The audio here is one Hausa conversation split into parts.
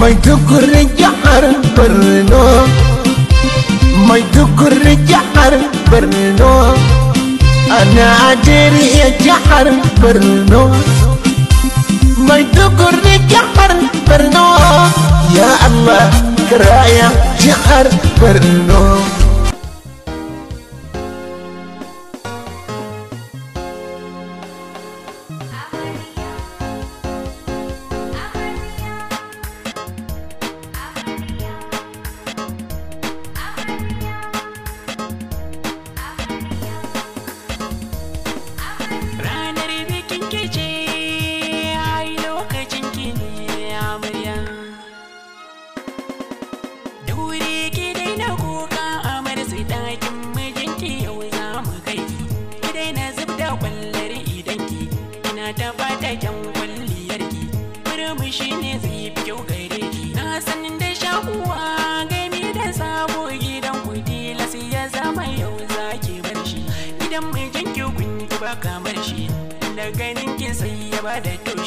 maiduguri jihar borno maiduguri jihar borno a najeriya jihar borno maiduguri jihar borno ya allah kiraya jihar borno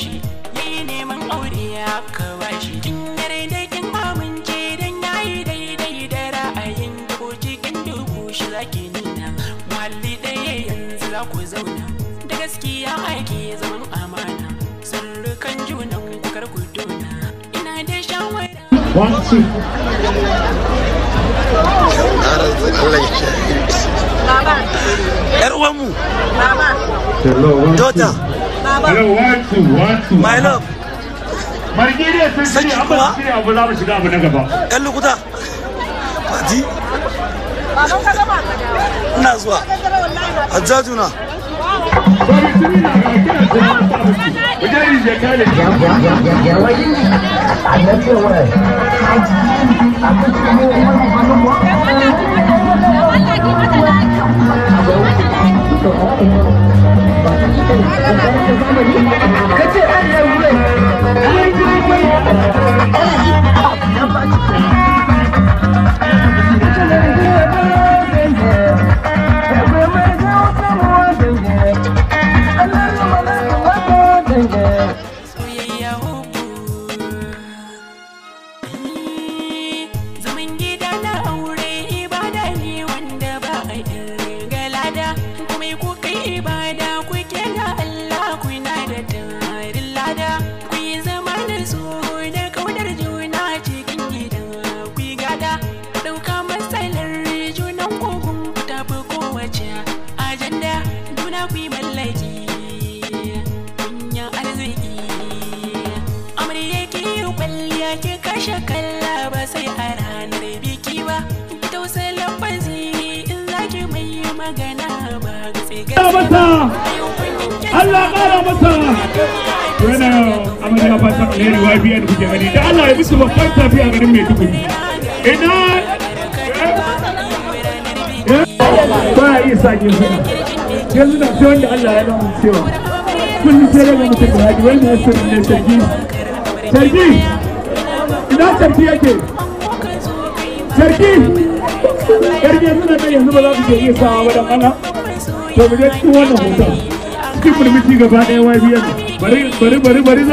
bashi yayi neman aure ya ka bashi kin yarda kin amince dan yayi daidai da ra'ayin ku cikin dubu shi zaki nuna muhalli ɗaya yanzu za ku zauna da gaskiya ake zaman amana sirrukan junan ku kar ku dona ina da shawara Daughter. baba my love margi ne sun shirya abu sun na gaba ina zuwa Allah ƙara mata yana amarya fatan alheri wa a na Allah ya ne sarki sarki ina sarki sarki karfe suna ta yanzu ba za iya sawa to bari bari bari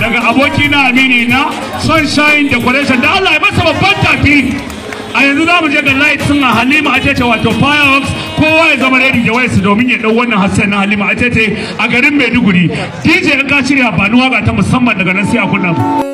daga aboki na amini na sunshine decoration da Allah ya masa babban tafi a yanzu za mu je ga light sun a halima a tete wato fireworks kowa ya zama ready da wayarsa domin ya dau wannan hassan na halima a tete a garin maiduguri dj in ka shirya ba ta musamman daga nan sai a kunna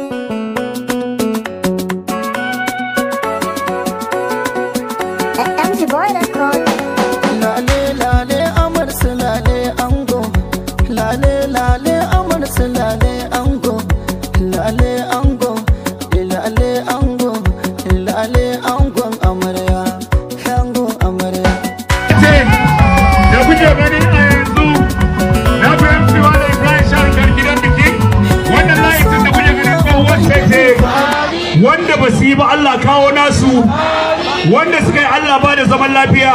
lafiya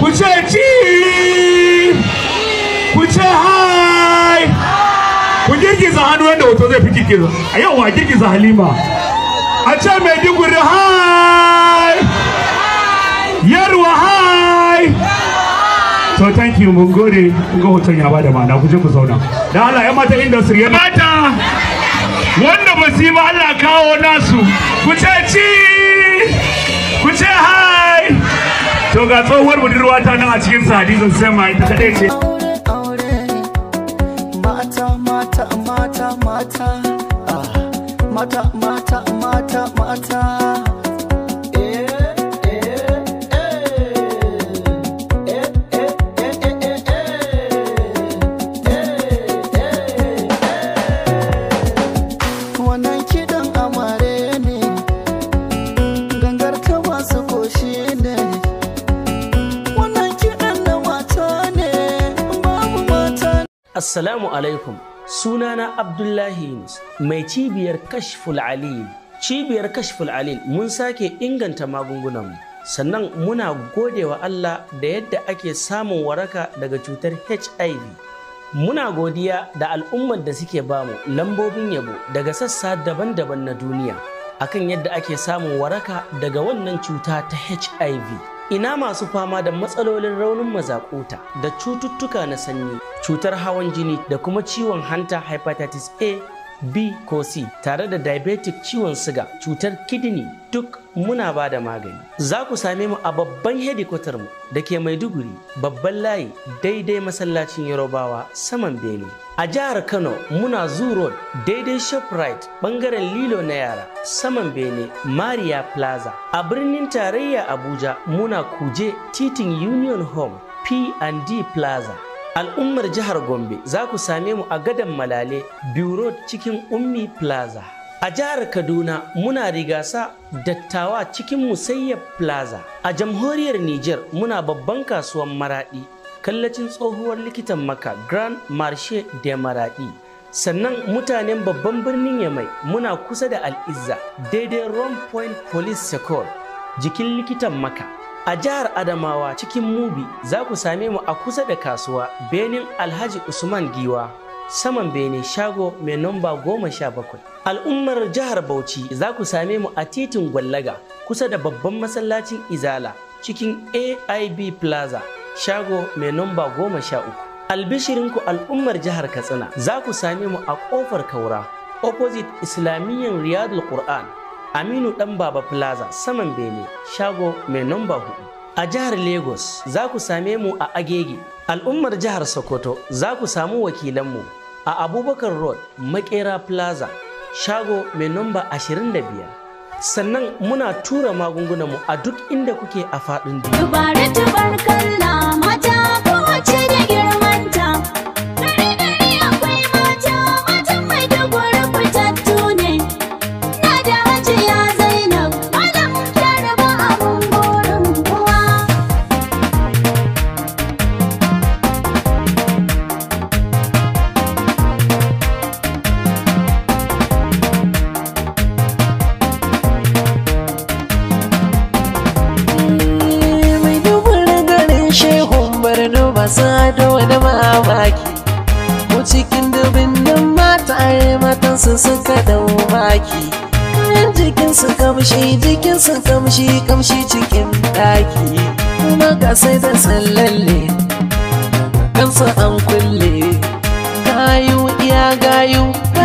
ku ce ci ku ce hai ku girgiza hannu wanda hoto zai fi girgiza a yau a girgiza halima a ce mai diguri hai yarwa hai So, thank you mun gode kun ga hoton ya bada ma'ana ku je ku zauna da Allah ya mata industry ya mata wanda ba su yi ba Allah kawo nasu ku ce ci to ga tsohuwar budurwa ta nan a cikin sa hadisin sai ma ita kadai ce Assalamu alaikum sunana Abdullahi Yunus mai cibiyar Kashful Alil. Cibiyar Kashful Alil mun sake inganta magungunanmu sannan muna godewa Allah da yadda ake samun waraka daga cutar HIV. Muna godiya da al'ummar da suke bamu lambobin yabo daga sassa daban-daban na duniya akan yadda ake samun waraka daga wannan cuta ta HIV. ina masu fama da matsalolin raunin mazakuta da cututtuka na sanyi cutar hawan jini da kuma ciwon hanta hepatitis a b ko c tare da diabetic ciwon siga cutar kidney duk muna ba da magani za ku same mu a babban hedikwatar mu da ke maiduguri babban layi daidai masallacin yarobawa saman bene A jihar Kano muna Zoo Road daidai Shoprite bangaren Lilo na yara saman Bene Maria Plaza. A birnin tarayya Abuja muna Kuje titin Union Home P&D Plaza. Al'ummar jihar Gombe za ku same mu a gadon Malale Bureau cikin Ummi Plaza. A jihar Kaduna muna rigasa dattawa cikin Musayyab Plaza. A jamhuriyar Nijar muna babban kasuwan maradi. kallacin tsohuwar likitan maka grand marche de maradi sannan mutanen babban birnin yamai muna kusa da al'izza daidai rome point police secor jikin likitan maka a jihar adamawa cikin mubi za ku same mu a kusa da kasuwa benin alhaji usman giwa saman benin shago mai nomba goma sha bakwai al'ummar jihar bauchi za ku same mu a titin gwallaga kusa da babban masallacin izala cikin aib plaza shago mai numba goma sha uku. Albishirinku al'ummar jihar Katsina za ku same mu a ƙofar Kaura, opposite Islamiyyar Riyadul Qur'an, Aminu Ɗan Baba Plaza, saman Bene, shago mai namba hudu. A jihar Lagos za ku same mu a Agege, al'ummar jihar Sokoto za ku samu wakilanmu a Abubakar Road, Makera Plaza, shago mai ashirin da biyar. sannan muna tura magungunanmu a duk inda kuke a faɗin duniya. su kamshi su kamshi kamshi cikin ɗaki kuma ka sai da sallalle kansa an kulle gayu iya gayu ka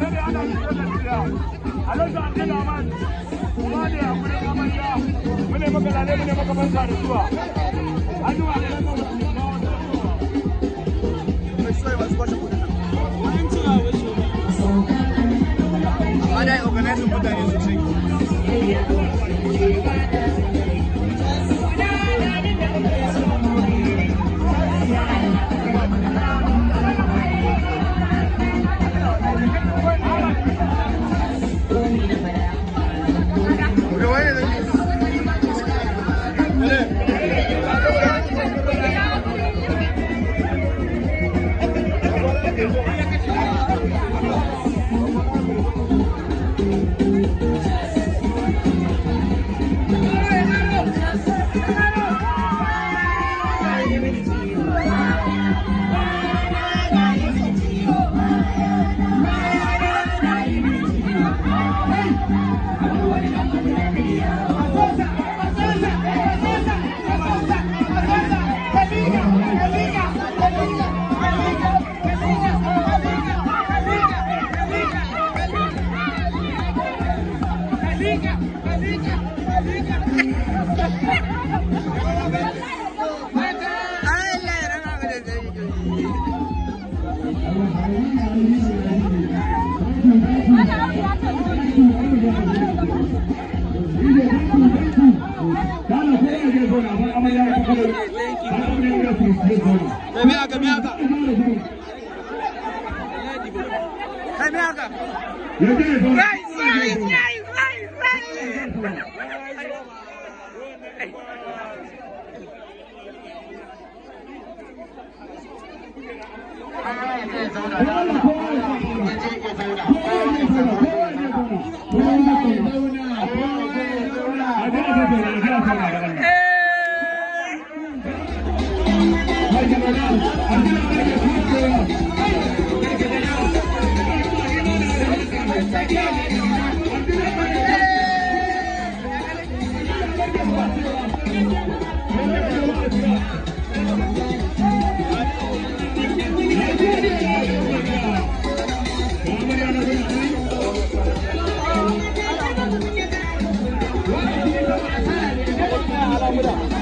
alhaji ana yi da tafiya a da Argentina, Argentina. Yeah. you.